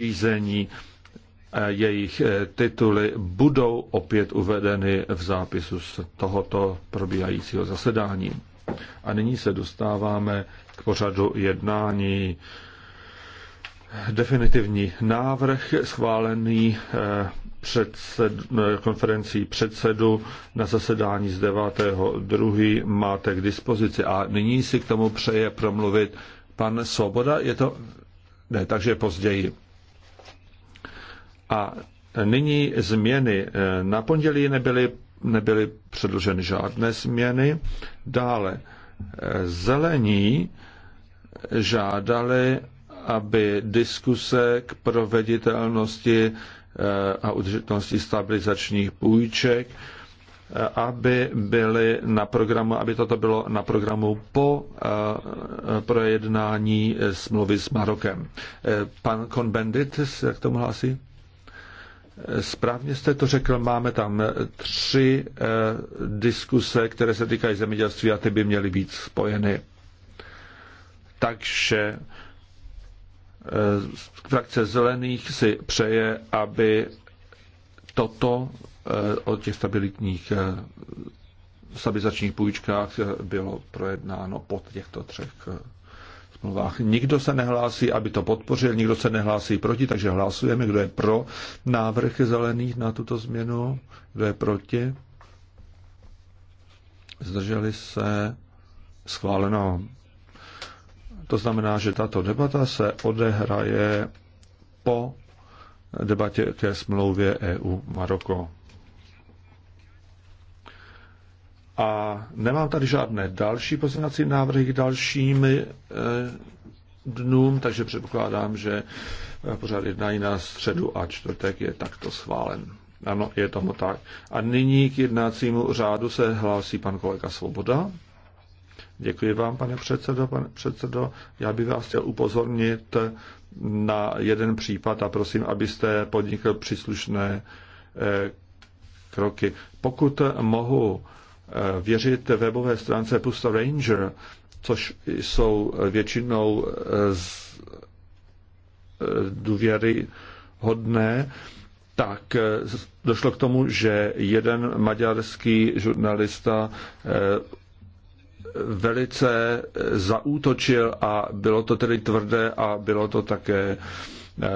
řízení jejich e, tituly budou opět uvedeny v zápisu z tohoto probíhajícího zasedání. A nyní se dostáváme k pořadu jednání. Definitivní návrh schválený e, předsed, e, konferencí předsedu na zasedání z 9.2. máte k dispozici. A nyní si k tomu přeje promluvit pan Svoboda. Je to ne, takže později. A nyní změny. Na pondělí nebyly, nebyly předloženy žádné změny. Dále zelení žádali, aby diskuse k proveditelnosti eh, a udržitelnosti stabilizačních půjček, eh, aby byly na programu, aby toto bylo na programu po eh, projednání smlouvy s Marokem. Pan Konbendit se k tomu hlásí? Správně jste to řekl, máme tam tři eh, diskuse, které se týkají zemědělství a ty by měly být spojeny. Takže eh, frakce zelených si přeje, aby toto eh, o těch stabilitních eh, stabilizačních půjčkách eh, bylo projednáno pod těchto třech eh, smlouvách. Nikdo se nehlásí, aby to podpořil, nikdo se nehlásí proti, takže hlasujeme, kdo je pro návrh zelených na tuto změnu, kdo je proti. Zdrželi se schváleno. To znamená, že tato debata se odehraje po debatě ke smlouvě EU-Maroko. A nemám tady žádné další pozměňovací návrhy k dalším eh, dnům, takže předpokládám, že eh, pořád jednání na středu a čtvrtek je takto schválen. Ano, je tomu tak. A nyní k jednacímu řádu se hlásí pan kolega Svoboda. Děkuji vám, pane předsedo. Pane předsedo, já bych vás chtěl upozornit na jeden případ a prosím, abyste podnikl příslušné eh, kroky. Pokud mohu Eh, věřit webové stránce Pusta Ranger, což jsou většinou eh, z eh, důvěry hodné, tak došlo k tomu, že jeden maďarský žurnalista velice zaútočil a bylo to tedy tvrdé a bylo to také eh,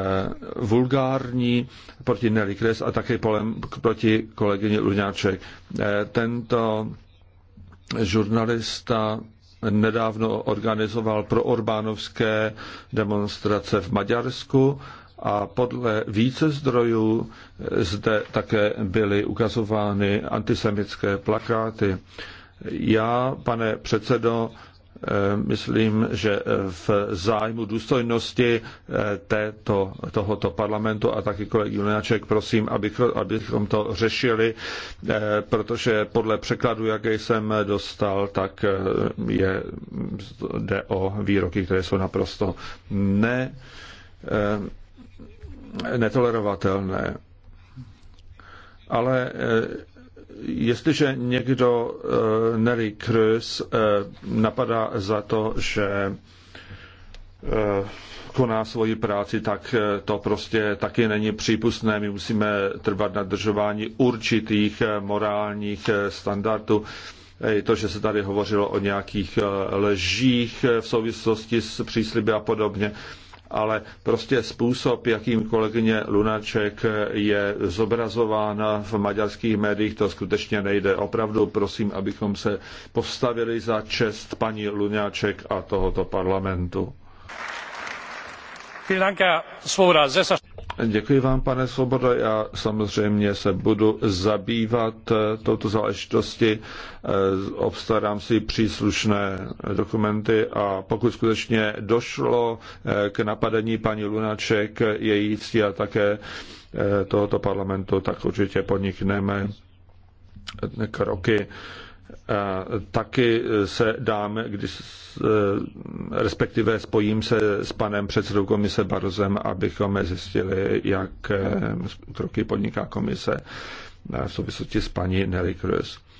vulgární proti Nelly Kres a také polem, proti kolegyni Luňáček. Eh, tento žurnalista nedávno organizoval pro Orbánovské demonstrace v Maďarsku a podle více zdrojů eh, zde také byly ukazovány antisemické plakáty. Já, pane předsedo, eh, myslím, že eh, v zájmu důstojnosti eh, této, tohoto parlamentu a taky kolegy Junáček, prosím, abychom to řešili, protože podle překladu, jaký jsem dostal, tak je, jde o výroky, které jsou naprosto ne, netolerovatelné. Ale jestliže někdo eh, Nelly Cruz eh, napadá za to, že eh, koná svoji práci, tak to prostě taky není přípustné. My musíme trvat na držování určitých morálních standardů. I to, že se tady hovořilo o nějakých lžích v souvislosti s přísliby a podobně, ale prostě způsob, jakým kolegyně Lunaček je zobrazována v maďarských médiích, to skutečně nejde. Opravdu prosím, abychom se postavili za čest paní Lunaček a tohoto parlamentu. Vielen Dank, Herr Svoboda. Děkuji vám, pane Svoboda. Já samozřejmě se budu zabývat eh, touto záležitosti, eh, obstarám si příslušné dokumenty a pokud skutečně došlo eh, k napadení paní Lunaček, její cti a také tohoto parlamentu, tak určitě podnikneme kroky Eh, taky se dám, když, eh, respektive spojím se s panem předsedou komise Barozem, abychom zjistili, jak kroky eh, podniká komise v souvislosti s paní Nelly Cruz.